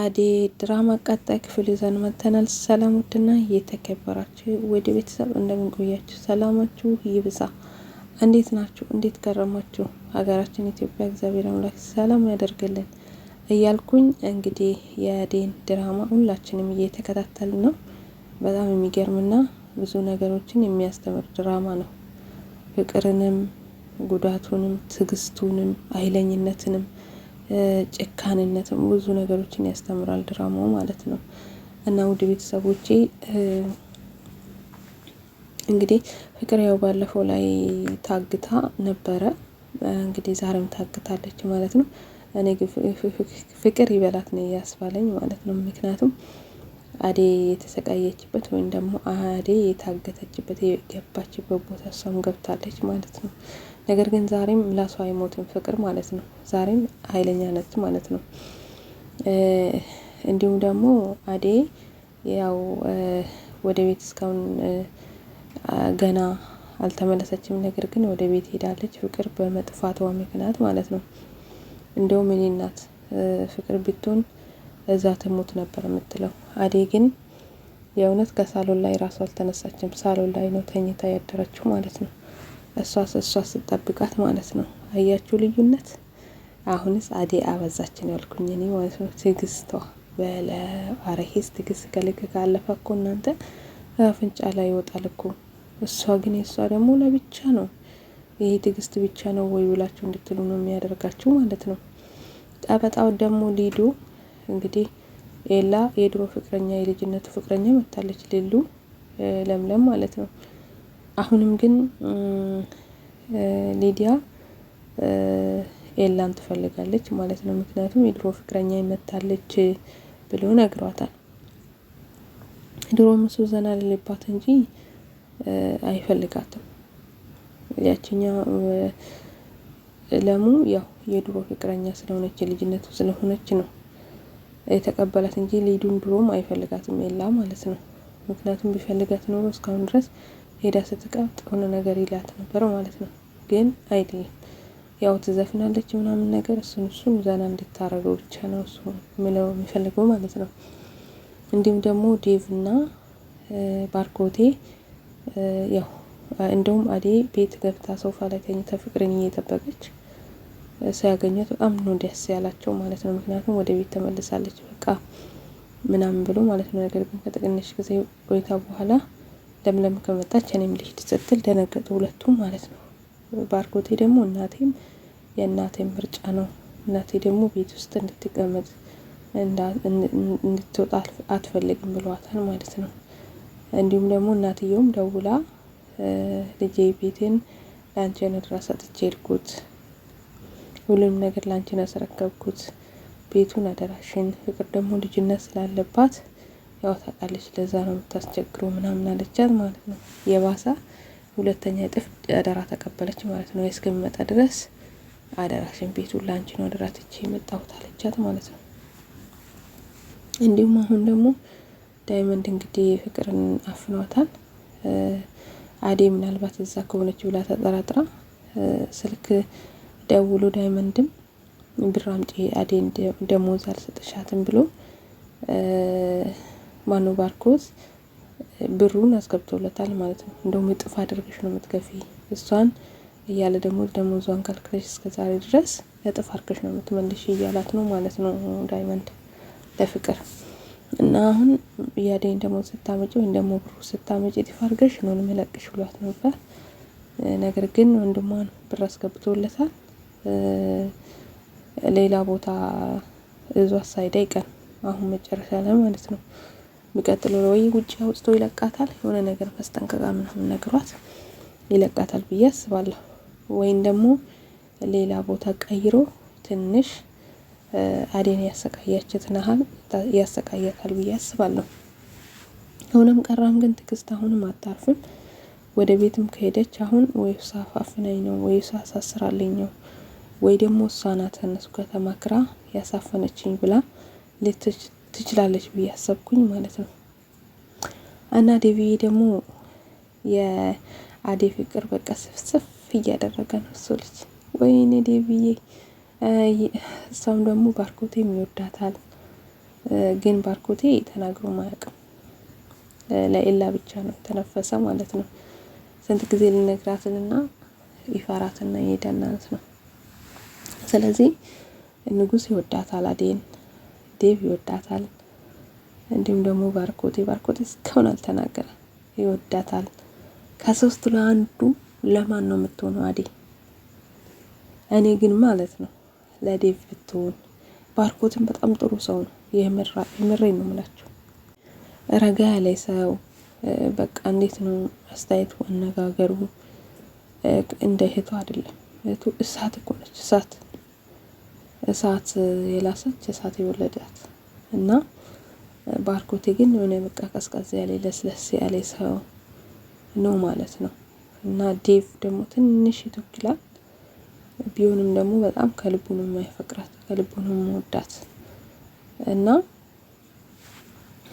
አዴ ድራማ ቀጣይ ክፍል ይዘን መጥተናል። ሰላም ውድና የተከበራችሁ ወደ ቤተሰብ እንደምንቆያችሁ ሰላማችሁ ይብዛ። እንዴት ናችሁ? እንዴት ከረማችሁ? ሀገራችን ኢትዮጵያ እግዚአብሔር አምላክ ሰላም ያደርግልን እያልኩኝ እንግዲህ የአዴን ድራማ ሁላችንም እየተከታተልን ነው። በጣም የሚገርምና ብዙ ነገሮችን የሚያስተምር ድራማ ነው። ፍቅርንም፣ ጉዳቱንም፣ ትዕግስቱንም፣ አይለኝነትንም ጭካንነትም ብዙ ነገሮችን ያስተምራል ድራማው ማለት ነው። እና ውድ ቤተሰቦቼ እንግዲህ ፍቅር ያው ባለፈው ላይ ታግታ ነበረ። እንግዲህ ዛሬም ታግታለች ማለት ነው። እኔ ፍቅር ይበላት ነው ያስባለኝ ማለት ነው። ምክንያቱም አዴ የተሰቃየችበት ወይም ደግሞ አዴ የታገተችበት የገባችበት ቦታ እሷም ገብታለች ማለት ነው። ነገር ግን ዛሬም ምላሷ አይሞትም ፍቅር ማለት ነው። ዛሬም ኃይለኛ ነች ማለት ነው። እንዲሁም ደግሞ አዴ ያው ወደ ቤት እስካሁን ገና አልተመለሰችም። ነገር ግን ወደ ቤት ሄዳለች ፍቅር በመጥፋቷ ምክንያት ማለት ነው። እንደውም እኔ እናት ፍቅር ብትሆን እዛ ትሞት ነበር የምትለው። አዴ ግን የእውነት ከሳሎን ላይ ራሱ አልተነሳችም። ሳሎን ላይ ነው ተኝታ ያደረችው ማለት ነው። እሷ እሷ ስጠብቃት ማለት ነው። አያችሁ ልዩነት። አሁንስ አዴ አበዛችን ያልኩኝ እኔ ማለት ነው። በለ አረሄስ ትግስት ከልክ ካለፈ እኮ እናንተ አፍንጫ ላይ ይወጣል እኮ። እሷ ግን የእሷ ደግሞ ለብቻ ነው። ይሄ ትግስት ብቻ ነው ወይ ብላችሁ እንድትሉ ነው የሚያደርጋችሁ ማለት ነው። ጠበጣው ደግሞ ሊዱ እንግዲህ ኤላ የድሮ ፍቅረኛ የልጅነቱ ፍቅረኛ መታለች ሌሉ ለምለም ማለት ነው። አሁንም ግን ሊዲያ ኤላን ትፈልጋለች ማለት ነው። ምክንያቱም የድሮ ፍቅረኛ ይመታለች ብሎ ነግሯታል። ድሮ ምሱ ዘና ልልባት እንጂ አይፈልጋትም። ያችኛ ለሙ ያው የድሮ ፍቅረኛ ስለሆነች ልጅነቱ ስለሆነች ነው የተቀበላት እንጂ ሊዱን ድሮም አይፈልጋትም ኤላ ማለት ነው። ምክንያቱም ቢፈልጋት ኖሮ እስካሁን ድረስ ሄዳ ስትቀምጥ ሆነ ነገር ይላት ነበር ማለት ነው። ግን አይልም ያው ትዘፍናለች ምናምን ነገር እሱን እሱን ዘና እንድታረገው ብቻ ነው እሱ ምለው የሚፈልገው ማለት ነው። እንዲሁም ደግሞ ዴቭና ባርኮቴ ያው እንደውም አዴ ቤት ገብታ ሶፋ ላይ ተኝታ ፍቅርን እየጠበቀች ሲያገኛት በጣም ነው ደስ ያላቸው ማለት ነው። ምክንያቱም ወደ ቤት ተመልሳለች በቃ ምናምን ብሎ ማለት ነው። ነገር ግን ከጥቅንሽ ጊዜ ቆይታ በኋላ ለምለም ከመጣች እኔም ልሂድ ስትል ደነገጡ ሁለቱም ማለት ነው። ባርኮቴ ደግሞ እናቴም የእናቴም ምርጫ ነው። እናቴ ደግሞ ቤት ውስጥ እንድትቀመጥ እንድትወጣ አትፈልግም ብሏታል ማለት ነው። እንዲሁም ደግሞ እናትየውም ደውላ ልጄ ቤቴን ለአንቺ ነድራ ሰጥቼ ሄድኩት፣ ሁሉንም ነገር ለአንቺን ያስረከብኩት ቤቱን አደራሽን፣ ፍቅር ደግሞ ልጅነት ስላለባት ያው ታውቃለች፣ ለዛ ነው የምታስቸግረው ምናምን አለቻት ማለት ነው። የባሳ ሁለተኛ እጥፍ አደራ ተቀበለች ማለት ነው። እስከሚመጣ ድረስ አደራሽን ቤቱን ላንቺ ነው አደራ ትቼ የመጣሁት አለቻት ማለት ነው። እንዲሁም አሁን ደግሞ ዳይመንድ እንግዲህ ፍቅርን አፍኗታል። አዴ ምናልባት እዛ ከሆነች ብላ ተጠራጥራ ስልክ ደውሎ ዳይመንድም ብር አምጪ አዴ ደሞዝ አልሰጥሻትም ብሎ ማነው ባርኮት ብሩን አስገብቶለታል ማለት ነው። እንደውም እጥፍ አድርገሽ ነው የምትገፊ እሷን እያለ ደግሞ ደሞዟን ከልክለሽ እስከ ዛሬ ድረስ እጥፍ አድርገሽ ነው የምትመልሽ እያላት ነው ማለት ነው ዳይመንድ ለፍቅር እና አሁን ያደኝ ደግሞ ስታመጪ ወይም ደግሞ ብሩ ስታመጪ እጥፍ አድርገሽ ነው የምለቅሽ ብሏት ነበር። ነገር ግን ወንድሟን ብር አስገብቶለታል። ሌላ ቦታ እዟ ሳይዳ ይቀን አሁን መጨረሻ ላይ ማለት ነው የሚቀጥለው ወይ ውጭ አውጥቶ ይለቃታል፣ የሆነ ነገር ፈስጠንቀቃ ምናምን ነግሯት ይለቃታል ብዬ አስባለሁ። ወይም ደግሞ ሌላ ቦታ ቀይሮ ትንሽ አዴን ያሰቃያችትን ያህል ያሰቃያታል ብዬ አስባለሁ። ሆነም ቀራም ግን ትዕግስት አሁንም አታርፍም። ወደ ቤትም ከሄደች አሁን ወይ እሷ አፋፍነኝ ነው ወይ እሷ አሳስራልኝ ነው ወይ ደግሞ እሷ ናት ከእነሱ ጋር ያሳፈነችኝ ብላ ልትች ትችላለች ብዬ አሰብኩኝ ማለት ነው። እና ዴቪዬ ደግሞ የአዴ ፍቅር በቃ ስፍስፍ እያደረገ ነው እሱ ልጅ። ወይኔ ዴቪዬ። እሷም ደግሞ ባርኮቴ ይወዳታል፣ ግን ባርኮቴ ተናግሮ ማያውቅም ለኤላ ብቻ ነው የተነፈሰ ማለት ነው። ስንት ጊዜ ልነግራትንና ይፈራትና ይሄዳል ማለት ነው። ስለዚህ ንጉስ ይወዳታል አዴን ዴቭ ይወዳታል። እንዲሁም ደግሞ ባርኮቴ ባርኮቴ እስካሁን አልተናገረ ይወዳታል። ከሶስቱ ለአንዱ ለማን ነው የምትሆነው? አዴ እኔ ግን ማለት ነው ለዴቭ ብትሆን። ባርኮትን በጣም ጥሩ ሰው ነው፣ የምሬ ነው ምላችሁ። ረጋ ያለ ሰው በቃ እንዴት ነው አስተያየቱ፣ አነጋገሩ እንደ እህቱ አይደለም። እህቱ እሳት እኮ ነች እሳት እሳት የላሰች እሳት የወለዳት እና ባርኮቴ ግን የሆነ በቃ ቀዝቀዝ ያለ ለስለስ ያለ ሰው ነው ማለት ነው። እና ዴቭ ደግሞ ትንሽ ይቶክላል ቢሆንም ደግሞ በጣም ከልቡ ነው የማይፈቅራት ከልቡ ነው የምወዳት እና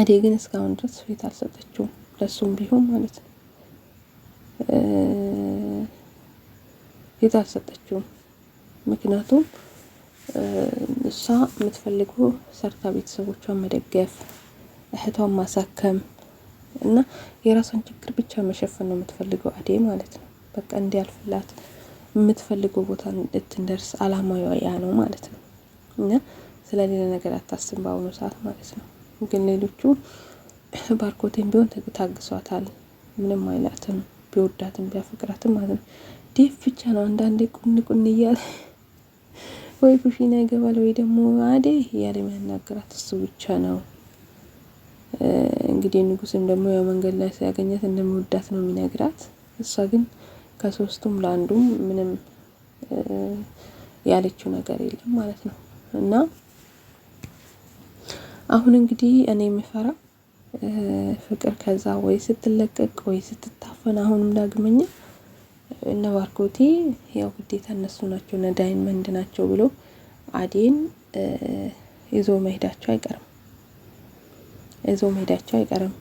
እዴ ግን እስካሁን ድረስ ፊት አልሰጠችውም ለሱም ቢሆን ማለት ነው ፊት አልሰጠችውም ምክንያቱም እሷ የምትፈልገው ሰርታ ቤተሰቦቿን መደገፍ፣ እህቷን ማሳከም እና የራሷን ችግር ብቻ መሸፈን ነው የምትፈልገው አዴ ማለት ነው። በቃ እንዲያልፍላት የምትፈልገው ቦታ እንድትደርስ አላማዋ ያ ነው ማለት ነው እና ስለሌላ ነገር አታስብ በአሁኑ ሰዓት ማለት ነው። ግን ሌሎቹ ባርኮቴን ቢሆን ታግሷታል፣ ምንም አይላትም፣ ቢወዳትም ቢያፈቅራትም ማለት ነው። ዴፍ ብቻ ነው አንዳንዴ ቁን ቁን እያለ ወይ ቡፊና ይገባል ወይ ደግሞ አዴ እያለ የሚያናግራት እሱ ብቻ ነው። እንግዲህ ንጉስም ደግሞ ያው መንገድ ላይ ሲያገኛት እንደመወዳት ነው የሚነግራት። እሷ ግን ከሶስቱም ለአንዱም ምንም ያለችው ነገር የለም ማለት ነው። እና አሁን እንግዲህ እኔ የምፈራ ፍቅር ከዛ ወይ ስትለቀቅ ወይ ስትታፈን አሁንም ዳግመኛ እነ ባርኮቴ ያው ግዴታ እነሱ ናቸው እነ ዳይመንድ ናቸው ብሎ አዴን ይዞ መሄዳቸው አይቀርም ይዞ መሄዳቸው አይቀርም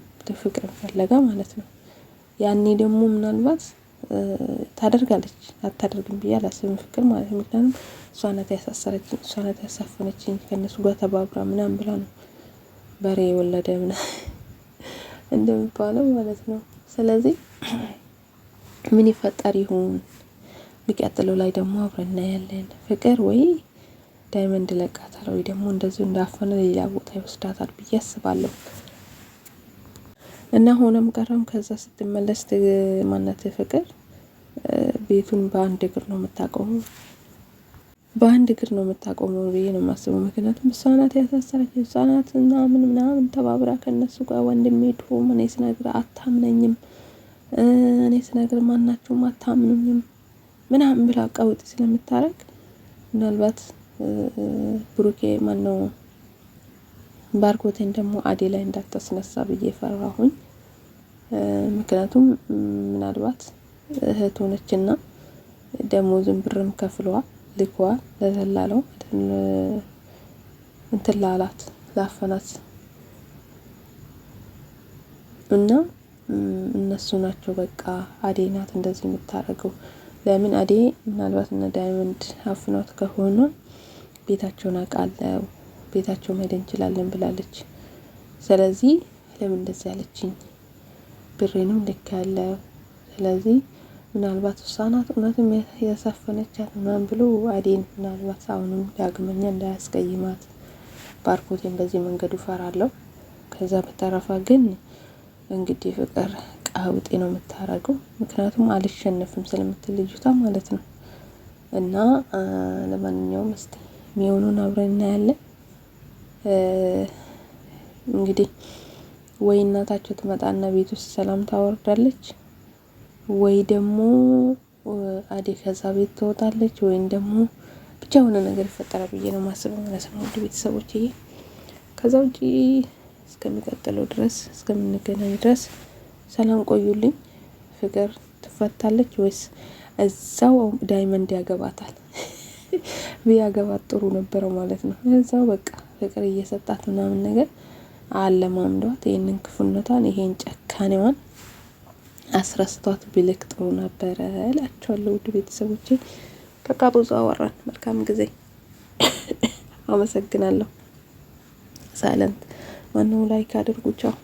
ፍቅር ፈለጋ ማለት ነው። ያኔ ደግሞ ምናልባት ታደርጋለች አታደርግም ብዬ አላስብም። ፍቅር ማለት ምክንያቱም እሷ ናት ያሳሰረችኝ፣ እሷ ናት ያሳፈነችኝ ከእነሱ ጋር ተባብራ ምናምን ብላ ነው በሬ የወለደ ምና እንደሚባለው ማለት ነው። ስለዚህ ምን ይፈጠር ይሆን? የሚቀጥለው ላይ ደግሞ አብረን እናያለን። ፍቅር ወይ ዳይመንድ ለቃታል ወይ ደግሞ እንደዚሁ እንዳፈነ ሌላ ቦታ ይወስዳታል ብዬ አስባለሁ። እና ሆነም ቀረም ከዛ ስትመለስ ማነት ፍቅር ቤቱን በአንድ እግር ነው የምታቆመው። በአንድ እግር ነው የምታቆመው ብዬ ነው የማስበው። ምክንያቱም እሷ ናት ያሳሰረችው፣ እሷ ናት ምናምን ምናምን ተባብራ ከነሱ ጋር ወንድሜ ድሮ እኔ አታምነኝም እኔ ስነግር ማናችሁም አታምኑኝም ምናምን ብላ አቃውጥ ስለምታረግ ምናልባት ብሩኬ ማነው ባርኮቴን ደግሞ አዴ ላይ እንዳታስነሳ ብዬ ፈራሁኝ። ምክንያቱም ምናልባት እህት ሆነችና ደግሞ ዝንብርም ከፍለዋ ልኳ ለዘላለው እንትላላት ላፈናት እና እነሱ ናቸው በቃ አዴ ናት እንደዚህ የምታደርገው። ለምን አዴ ምናልባት እነ ዳይመንድ አፍኗት ከሆነ ቤታቸውን አቃለው ቤታቸው መሄድ እንችላለን ብላለች። ስለዚህ ለምን እንደዚህ ብሬ ነው ልክ ያለው ስለዚህ ምናልባት ውሳናት እውነትም ያሳፈነቻት ምናምን ብሎ አዴን ምናልባት አሁንም ዳግመኛ እንዳያስቀይማት ባርኮቴን በዚህ መንገዱ ፈራለሁ። ከዛ በተረፈ ግን እንግዲህ ፍቅር ቃውጤ ነው የምታረገው። ምክንያቱም አልሸነፍም ስለምትል ልጅቷ ማለት ነው። እና ለማንኛውም እስቲ የሚሆኑን አብረን እናያለን። እንግዲህ ወይ እናታቸው ትመጣና ቤት ውስጥ ሰላም ታወርዳለች፣ ወይ ደግሞ አዴ ከዛ ቤት ትወጣለች፣ ወይም ደግሞ ብቻ የሆነ ነገር ይፈጠራል ብዬ ነው ማስበው ማለት ነው። ውድ ቤተሰቦች ከዛ ውጪ እስከሚቀጥለው ድረስ እስከምንገናኝ ድረስ ሰላም ቆዩልኝ። ፍቅር ትፈታለች ወይስ እዛው ዳይመንድ ያገባታል? ቢያገባት ጥሩ ነበረ ማለት ነው። እዛው በቃ ፍቅር እየሰጣት ምናምን ነገር አለማምዷት፣ ይህንን ክፉነቷን፣ ይሄን ጨካኔዋን አስረስቷት ቢልክ ጥሩ ነበረ እላቸዋለሁ። ውድ ቤተሰቦቼ በቃ ብዙ አወራን። መልካም ጊዜ። አመሰግናለሁ። ሳይለንት ማነው ላይክ አድርጉ። ቻው